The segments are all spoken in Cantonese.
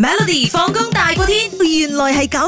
Melody 放工大過天，原來係咁，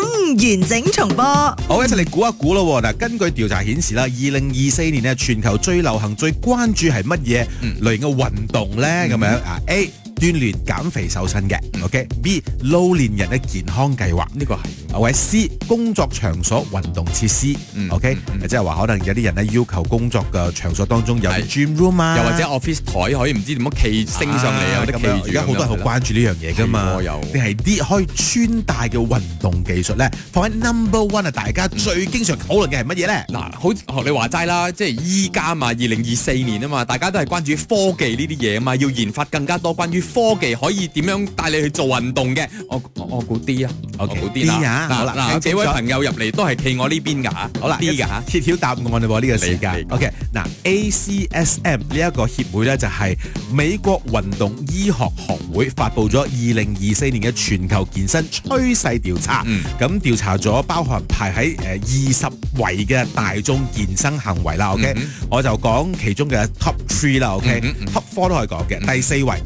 完整重播。好，okay，一齊嚟估一估咯。嗱，根據調查顯示啦，二零二四年嘅全球最流行、最關注係乜嘢類型嘅運動咧？咁樣啊？A 鍛煉減肥瘦身嘅。OK，B、okay？老年人嘅健康計劃呢個係。或者 C 工作場所運動設施，OK，即係話可能有啲人咧要求工作嘅場所當中有 gym room 啊，又或者 office 台可以唔知點樣企升上嚟啊啲咁樣，而家好多人都好關注呢樣嘢㗎嘛，定係啲可以穿戴嘅運動技術咧，放喺 number one 啊，大家最經常討論嘅係乜嘢咧？嗱，好學你話齋啦，即係依家啊嘛，二零二四年啊嘛，大家都係關注科技呢啲嘢啊嘛，要研發更加多關於科技可以點樣帶你去做運動嘅，我我我估啲啊，我啲啦。嗱，嗱，幾位朋友入嚟都係企我呢邊噶嚇，好啦，邊噶嚇，揭曉答案我哋喎呢個時間。OK，嗱，ACSM 呢一個協會咧就係美國運動醫學學會發布咗二零二四年嘅全球健身趨勢調查，咁調查咗包含排喺誒二十位嘅大眾健身行為啦。OK，我就講其中嘅 Top Three 啦，OK，Top Four 都可以講嘅，第四位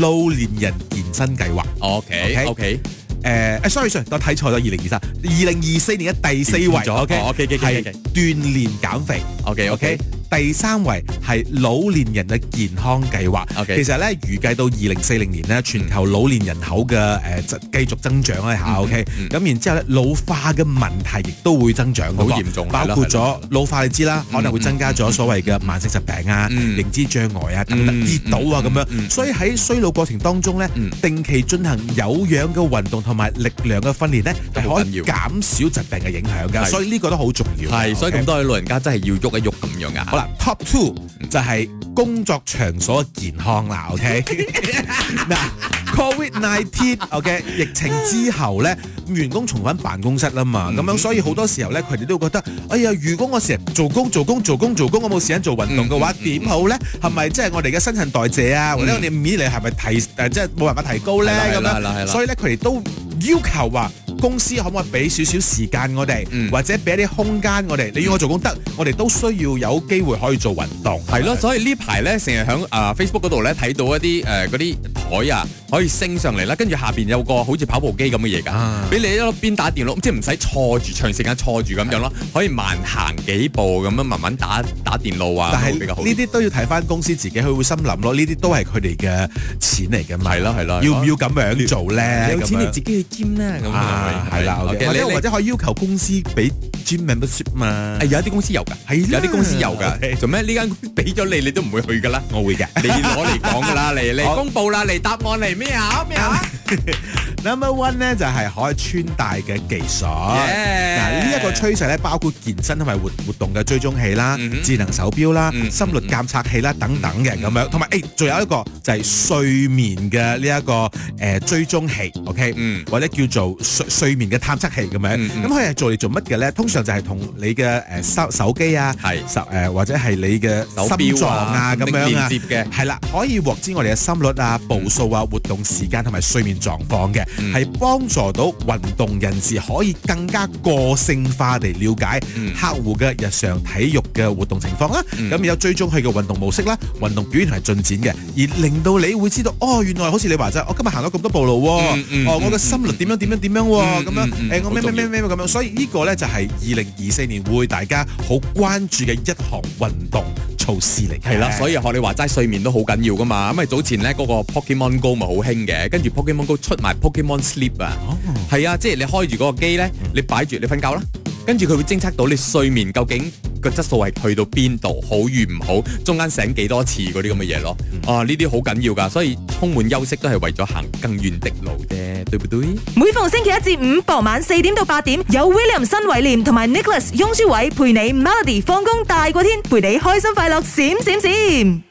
老年人健身計劃。OK，OK。誒誒、uh，sorry sorry，我睇錯咗，二零二三、二零二四年嘅第四位，OK OK OK OK，係鍛鍊減肥，OK OK，第三位。係老年人嘅健康計劃，其實咧預計到二零四零年咧，全球老年人口嘅誒繼續增長咧吓，咁然之後咧老化嘅問題亦都會增長，好嚴重，包括咗老化你知啦，可能會增加咗所謂嘅慢性疾病啊、認知障礙啊等等、跌倒啊咁樣，所以喺衰老過程當中咧，定期進行有氧嘅運動同埋力量嘅訓練咧，係可以減少疾病嘅影響噶，所以呢個都好重要，係所以咁多位老人家真係要喐一喐咁樣啊。好啦，Top Two。就係工作場所健康啦，OK？嗱 ，COVID nineteen OK，疫情之後咧，員工重返辦公室啦嘛，咁、mm hmm. 樣所以好多時候咧，佢哋都覺得，哎呀，如果我成日做工、做工、做工、做工，我冇時間做運動嘅話，點好咧？係咪即係我哋嘅新陳代謝啊？或者、mm hmm. 我哋免疫力係咪提，誒即係冇辦法提高咧？咁樣，係啦係啦，所以咧佢哋都要求話。公司可唔可以俾少少時間我哋，或者俾一啲空間我哋？你要我做功德，我哋都需要有機會可以做運動，係咯。所以呢排咧成日喺啊 Facebook 嗰度咧睇到一啲誒嗰啲枱啊，可以升上嚟啦，跟住下邊有個好似跑步機咁嘅嘢㗎，俾你一邊打電腦，即係唔使坐住長時間坐住咁樣咯，可以慢行幾步咁樣，慢慢打打電腦啊。但係比較好，呢啲都要睇翻公司自己，佢會心諗咯。呢啲都係佢哋嘅錢嚟㗎嘛。係咯係咯，要唔要咁樣做咧？有錢你自己去兼啦咁。係啦，你或者我可以要求公司俾 gym membership 嘛。係有啲公司有㗎，係了有啲公司有㗎。Okay，做咩？呢間公司俾咗你，你都唔會去㗎啦。我會嘅， 你攞嚟講㗎啦，嚟嚟好公布啦，嚟答案嚟咩啊咩啊？ Number one 咧就係可以穿戴嘅技術。嗱，呢一個趨勢咧包括健身同埋活活動嘅追蹤器啦、mm hmm. 智能手錶啦、mm hmm. 心率監測器啦等等嘅咁樣同埋誒，仲、mm hmm. 有一個就係睡眠嘅呢一個誒追蹤器，OK，、mm hmm. 或者叫做睡睡眠嘅探測器咁樣。咁佢係做嚟做乜嘅咧？通常就係同你嘅誒手手機啊，手誒是或者係你嘅心臟啊咁、啊、樣連接嘅係啦，可以獲知我哋嘅心率啊、步數啊、活動時間同埋睡眠狀況嘅。係幫、嗯、助到運動人士可以更加個性化地了解、嗯、客戶嘅日常體育嘅活動情況啦，咁、嗯、有追蹤佢嘅運動模式啦、運動表現係進展嘅，而令到你會知道哦，原來好似你話齋，我今日行咗咁多步路，嗯嗯、哦，嗯、我嘅心率點樣點樣點樣咁、啊嗯嗯、樣，誒、嗯，我咩咩咩咩咁樣，嗯欸、所以呢個呢，就係二零二四年會大家好關注嘅一項運動。措施嚟，係啦，所以學你話齋睡眠都好緊要噶嘛。咁因為早前咧嗰個 Pokemon Go 咪好興嘅，跟住 Pokemon Go 出埋 Pokemon Sleep 啊，係、oh. 啊，即係你開住嗰個機咧，你擺住你瞓覺啦，跟住佢會偵測到你睡眠究竟，個質素係去到邊度，好與唔好，中間醒幾多次，嗰啲咁嘅嘢咯。啊，呢啲好緊要噶，所以充滿休息都係為咗行更遠的路啫，對唔對？每逢星期一至五傍晚四點到八點，有 William 新偉廉同埋 Nicholas 雍舒偉陪你 Melody 放工大過天，陪你開心快樂閃閃閃閃閃閃。